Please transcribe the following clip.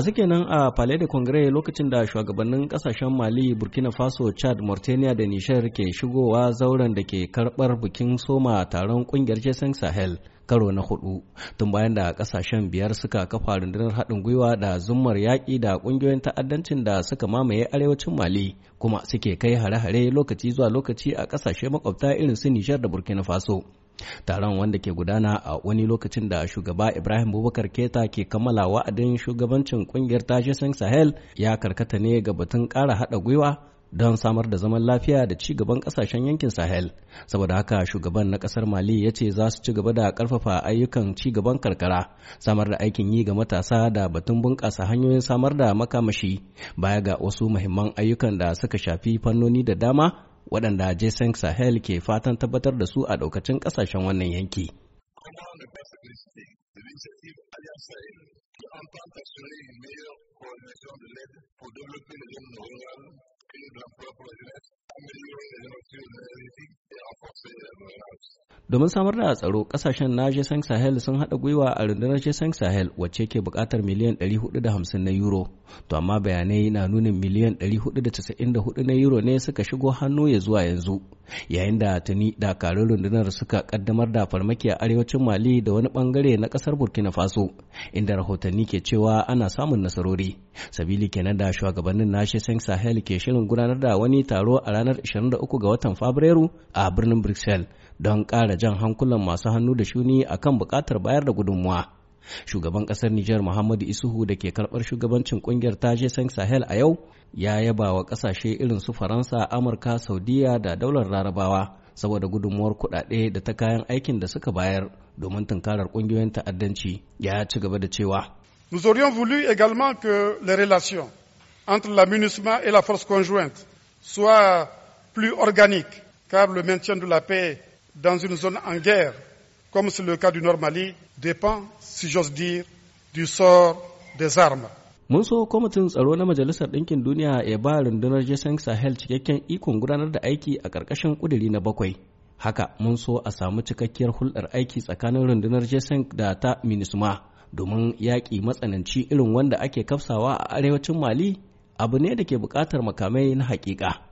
suke kenan a palais de congrès lokacin da shugabannin kasashen mali burkina faso chad mauritania da nishar ke shigowa zauren da ke karbar bikin soma taron kungiyar jason sahel karo na hudu tun bayan da kasashen biyar suka kafa rundunar haɗin gwiwa da zummar yaƙi da ƙungiyoyin ta'addancin da suka mamaye arewacin mali kuma suke kai hare-hare lokaci zuwa lokaci a kasashe makwabta irin su nishar da burkina faso taron wanda ke gudana a wani lokacin da shugaba ibrahim bubakar keta ke kammala wa'adin shugabancin kungiyar san sahel ya karkata ne ga batun kara haɗa gwiwa don samar da zaman lafiya da ci gaban kasashen yankin sahel saboda haka shugaban na kasar mali ya ce za su ci gaba da karfafa ayyukan ci gaban karkara samar da aikin yi ga matasa da batun bunƙasa hanyoyin samar da makamashi baya ga wasu muhimman ayyukan da suka shafi fannoni da dama waɗanda jason sahel ke fatan tabbatar da su a ɗaukacin ƙasashen wannan yanki Domin samar da tsaro, kasashen na Jason Sahel sun haɗa gwiwa a rundunar Jason Sahel wacce ke bukatar miliyan 450 na euro. To amma bayanai na nunin miliyan 494 na euro ne suka shigo hannu ya zuwa yanzu. Yayin da tuni dakarun rundunar suka kaddamar da farmaki a arewacin Mali da wani bangare na kasar Burkina Faso, inda rahotanni ke cewa ana samun nasarori. Sabili kenan da shugabannin na Jason Sahel ke shirin gudanar da wani taro a ranar 23 ga watan Fabrairu a birnin Brussels don ƙara jan hankulan masu hannu da shuni a kan bukatar bayar da gudunmuwa. shugaban kasar Nijar Muhammadu Isuhu da ke karɓar shugabancin ƙungiyar Taje Sang Sahel a yau ya yaba wa kasashe irin su Faransa, Amurka, Saudiya da daular Larabawa saboda gudunmuwar kuɗaɗe da ta kayan aikin da suka bayar domin tunkarar ƙungiyoyin ta'addanci ya ci gaba da cewa. Nous aurions voulu également que les relations entre la et la force conjointe soient plus organique, car le maintien de la paix dans une zone en guerre, comme c'est le cas du Nord Mali, dépend, si j'ose dire, du sort des armes. Mun so kwamitin tsaro na Majalisar Ɗinkin Duniya ya ba rundunar Jason Sahel cikakken ikon gudanar da aiki a ƙarƙashin ƙuduri na bakwai. Haka mun so a samu cikakkiyar hulɗar aiki tsakanin rundunar Jason da ta Minisma domin yaƙi matsananci irin wanda ake kafsawa a arewacin Mali abu ne da ke buƙatar makamai na haƙiƙa.